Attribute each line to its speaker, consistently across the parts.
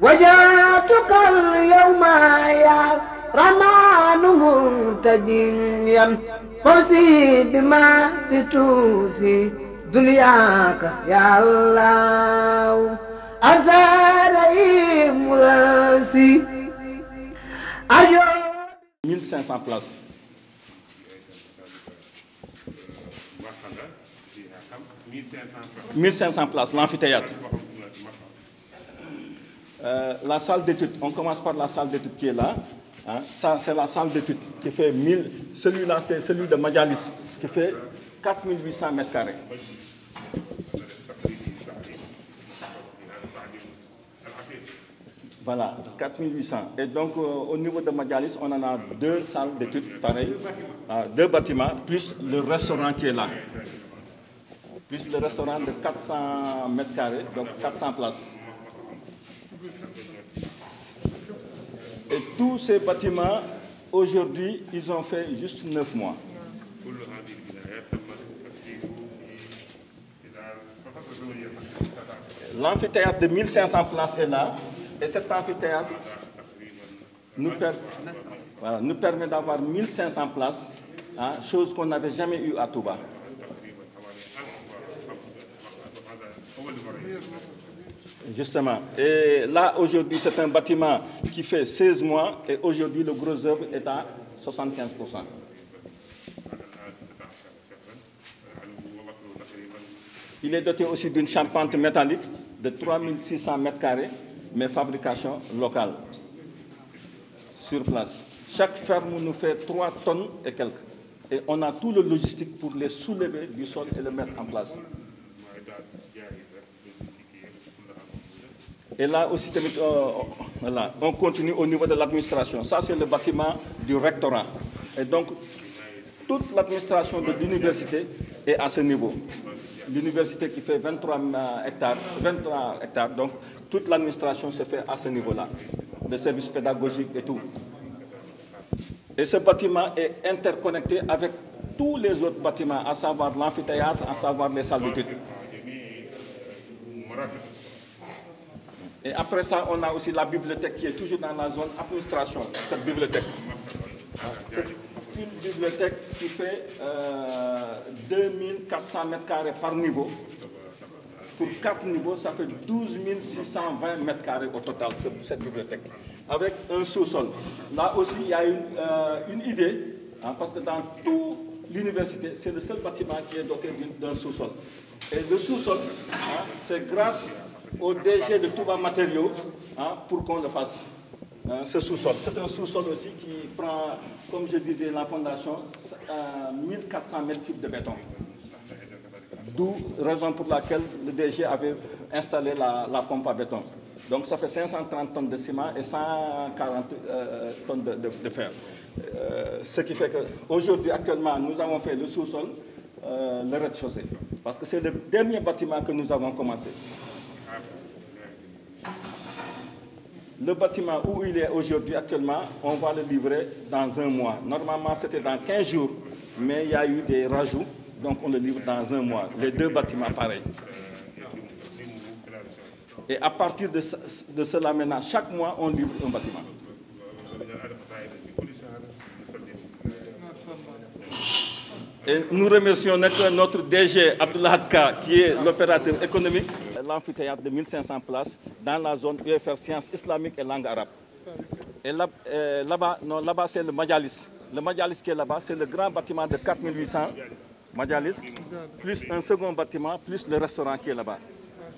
Speaker 1: وجاتك اليوم يا رمان منتجيا فوزي بما ستوفي دنياك يا الله أزاري مراسي
Speaker 2: أجو
Speaker 3: 1500 places
Speaker 2: mille cinq cent places l'amphithéâtre
Speaker 3: Euh, la salle d'études, on commence par la salle d'études qui est là. Hein. Ça, c'est la salle d'études qui fait 1000. Celui-là, c'est celui de Majalis qui fait 4800 mètres carrés. Voilà, 4800. Et donc, euh, au niveau de Majalis, on en a deux salles d'études pareilles, euh, deux bâtiments, plus le restaurant qui est là. Plus le restaurant de 400 mètres carrés, donc 400 places. Et tous ces bâtiments, aujourd'hui, ils ont fait juste neuf mois. L'amphithéâtre de places est là. Et cet amphithéâtre nous,
Speaker 2: permet
Speaker 3: d'avoir places, hein, qu'on n'avait jamais eue à Touba. Justement. Et là, aujourd'hui, c'est un bâtiment qui fait 16 mois et aujourd'hui, le gros œuvre est à 75%. Il est doté aussi d'une charpente métallique de 3600 mètres carrés, mais fabrication locale, sur place. Chaque ferme nous fait 3 tonnes et quelques. Et on tout le logistique pour les soulever du sol et le mettre Et là aussi, euh, euh, voilà, on continue au niveau de l'administration. Ça, c'est le bâtiment du rectorat. Et donc, toute l'administration de l'université est à ce niveau. L'université qui fait 23 euh, hectares, 23 donc toute l'administration se fait à ce niveau-là, les services pédagogiques et tout. Et ce bâtiment est interconnecté avec tous les autres bâtiments, à savoir l'amphithéâtre, à savoir les salles d'études. Et après on a aussi la bibliothèque qui est toujours dans la zone administration, cette bibliothèque. C'est une bibliothèque qui fait euh, 2400 mètres carrés par niveau. Pour 4 niveaux, ça fait 12 620 mètres carrés au total, cette bibliothèque. Avec un sous-sol. Là aussi, il y a une, euh, idée, parce que dans toute l'université, c'est le seul bâtiment qui est doté d'un sous-sol. Et le sous-sol, c'est grâce au DG de Touba Matériaux hein, pour qu'on le fasse. Hein, ce sous-sol. C'est un sous-sol aussi qui prend, comme je disais, la fondation, euh, 1400 mètres cubes de béton. D'où raison pour laquelle le DG avait installé la, la, pompe à béton. Donc ça fait 530 tonnes de ciment et 140 euh, tonnes de, de, de fer. Euh, ce qui fait qu'aujourd'hui, actuellement, nous avons fait le sous-sol, euh, le rez-de-chaussée. Parce que c'est le dernier bâtiment que nous avons commencé. Le bâtiment où il est aujourd'hui actuellement, on va le livrer dans un mois. Normalement, c'était dans 15 jours, mais il y a eu des rajouts, donc on le livre dans un mois. Les deux bâtiments pareils. Et à partir de, ce, de cela maintenant, chaque mois, on livre un bâtiment. Et nous remercions notre, notre Abdullah Hadka, qui est l'opérateur économique. l'amphithéâtre de 1500 places dans la zone UFR sciences islamiques et langue arabe. là, euh, c'est le Majalis. Le Majalis qui est là le grand bâtiment de 4800 Majalis, plus un second bâtiment, plus le restaurant qui est là-bas.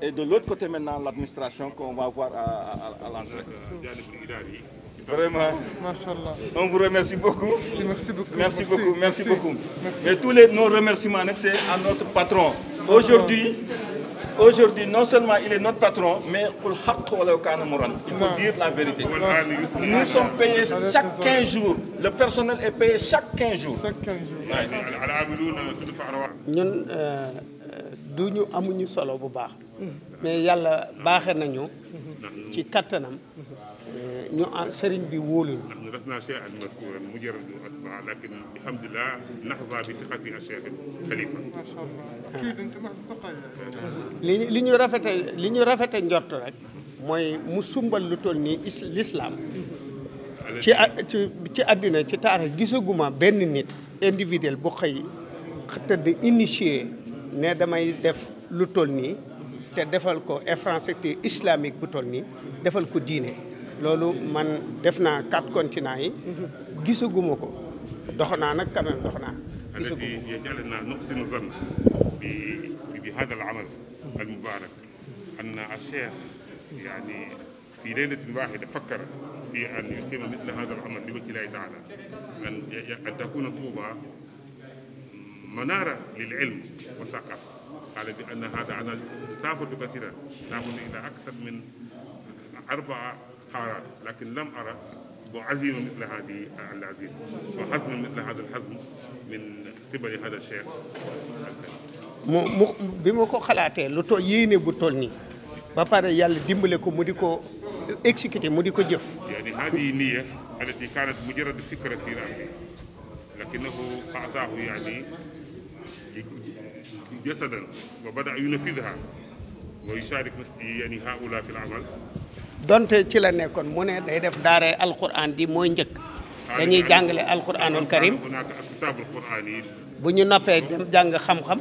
Speaker 3: Et de l'autre côté maintenant, l'administration qu'on va voir à, l'entrée. on vous remercie beaucoup. Merci beaucoup. Merci, merci beaucoup, merci, merci beaucoup. Merci. Mais tous les nos remerciements, c'est à notre patron. Aujourd'hui, aujourd'hui non seulement il est notre patron mais qul haqq walaw kaana murran il faut dire la vérité nous sommes payés chaque quinze jours le personnel est payé chaque quinze jours
Speaker 4: ñun euh, euh, du ñu amuñu solo bu baax mais yàlla baaxe nañu mm-hmm. ci kattanam mm-hmm. euh, ñu ah, sëriñ bi wóolu
Speaker 2: لسنا شيئا مذكورا مجرد اتباع li ñu
Speaker 4: rafete li njort rek mooy mu sumbal lu toll nii is ci ci àddina ci taarix gisaguma benn nit individuel bu xëy tëdd initié ne damay def lu toll nii te defal ko infrastructure islamique bu toll nii defal ko diine. loolu man def naa quatre continents yi gisaguma ko dox naa nag quand même dox naa
Speaker 2: gisaguma ko yajalna nuqsinu zan bi bi hada al amal al mubarak an ash-shaykh yani fi laylatin wahida fakkara fi an yuqima mithla hada al amal li wajhi llahi taala an takuna tuuba منارة للعلم والثقافة قال بأن هذا أنا سافرت كثيرا سافرت إلى أكثر من أربعة حارات لكن لم أرى وعزيمة مثل هذه العزيمة وحزم مثل هذا الحزم من قبل هذا الشيخ
Speaker 4: mu mu bi ma ko xalaatee lu to yéene bu toll nii ba pare yàlla dimbale ko mu di ko exécuté mu di ko jëf
Speaker 2: يعني هذه النية التي كانت مجرد فكرة في رأسي لكنه أعطاه يعني جسدا وبدأ ينفذها ويشارك يعني هؤلاء في العمل
Speaker 4: donte ci la nekkoon mu ne day def daare alquran di mooy njëkk
Speaker 2: dañuy jàngale alquranul karim
Speaker 4: bu ñu noppee jàng
Speaker 2: xam-xam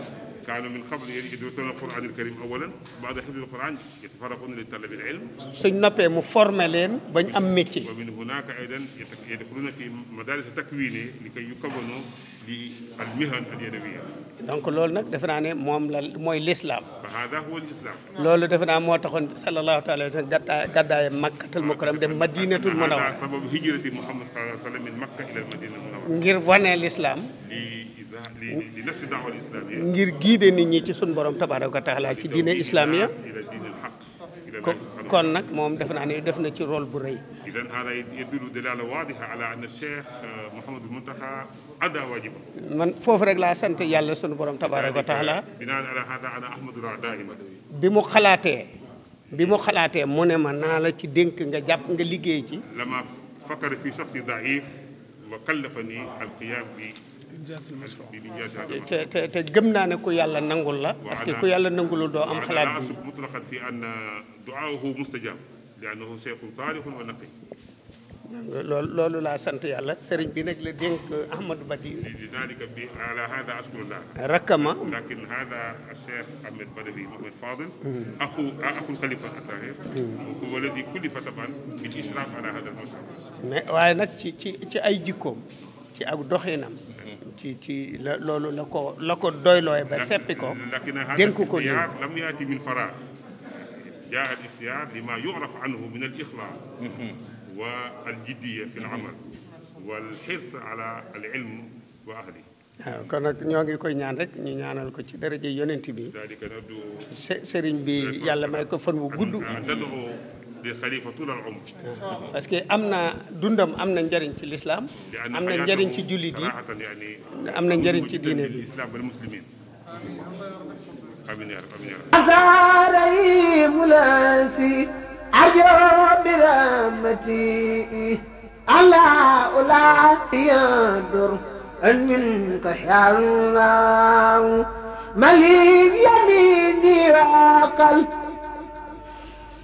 Speaker 2: كانوا من قبل يدرسون القرآن الكريم أولا بعد حفظ القرآن يتفرقون لطلب العلم suñ
Speaker 4: noppee mu formé leen ba ñu am métier
Speaker 2: ومن هناك أيضا يدخلون في مدارس تكوينية لكي يكونوا للمهن اليدوية
Speaker 4: donc loolu nag defe naa ne moom la mooy l'islam
Speaker 2: فهذا هو الإسلام loolu
Speaker 4: defe naa moo taxoon sallallahu alayhi wa sallam gàddaay gàddaay Makkatul Mukarram dem Madinatul Munawwara
Speaker 2: sabab hijrati Muhammad sallallahu alayhi wa sallam min Makka ila al ngir wane l'islam ngir giide
Speaker 4: nit ñi ci sun borom tabaaraka wa taala ci diine islamiya kon nag moom def naa ne def na ci rôle bu rëy
Speaker 2: idan hada yadullu dalala wadiha ala anna cheikh Mouhamadou Mountakha ada wajiba
Speaker 4: man foofu rek laa sant yàlla sunu borom tabaaraka wa taala
Speaker 2: binaan ala hada ana ahmadu ra daima
Speaker 4: bi mu xalaatee bi mu xalaatee mu ne ma naa la ci dénk nga jàpp nga liggéey ci
Speaker 2: lama fakkara fi shaxsi daif wa kallafani alqiyam bi te te
Speaker 4: te gëm naa ne ku yàlla nangul la parce que ku yàlla nangulul doo am xalaat bi
Speaker 2: mutlaqan fi an duaahu mustajab li annahu cheikhun saalihun wa naqi
Speaker 4: loolu loolu laa sant yàlla sëriñ bi nag la dénk Ahmadou Badi
Speaker 2: li dalika bi ala hada askurullah rakkama lakin hada cheikh Ahmed Badawi Mohamed Fadel hmm. axu axul xalifa asahir hmm. huwa alladi kullifa taban bil ishraf ala hada al mashar
Speaker 4: mais waaye nag ci ci ci ay jikkoom ci ak doxinam ci ci la loolu la ko la ko doylooy ba seppi
Speaker 2: ko dénk ko lii lam yaati min fara jaa
Speaker 4: ngi koy ñaan rek ñu ñaanal ko ci daraja yonent bi sëriñ bi yàlla may ko fan wu gudd
Speaker 2: di xalifatul al umr parce
Speaker 4: que am na dundam am na njëriñ ci lislaam am na njëriñ ci jullit yi
Speaker 2: am na njëriñ ci diine bi
Speaker 1: أثاري ملاسي أرجو برحمتي على أولاد يدر أن منك يا الله مليك يميني وقلبي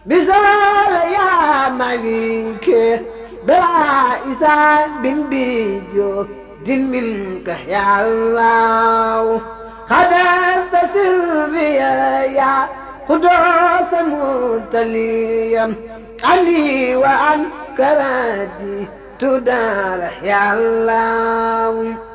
Speaker 1: بزول يا مليك بلا إسان بن بيجو دين منك يا الله خدست سريا يا قدوس متليا عني وعن كرادي تدار يا الله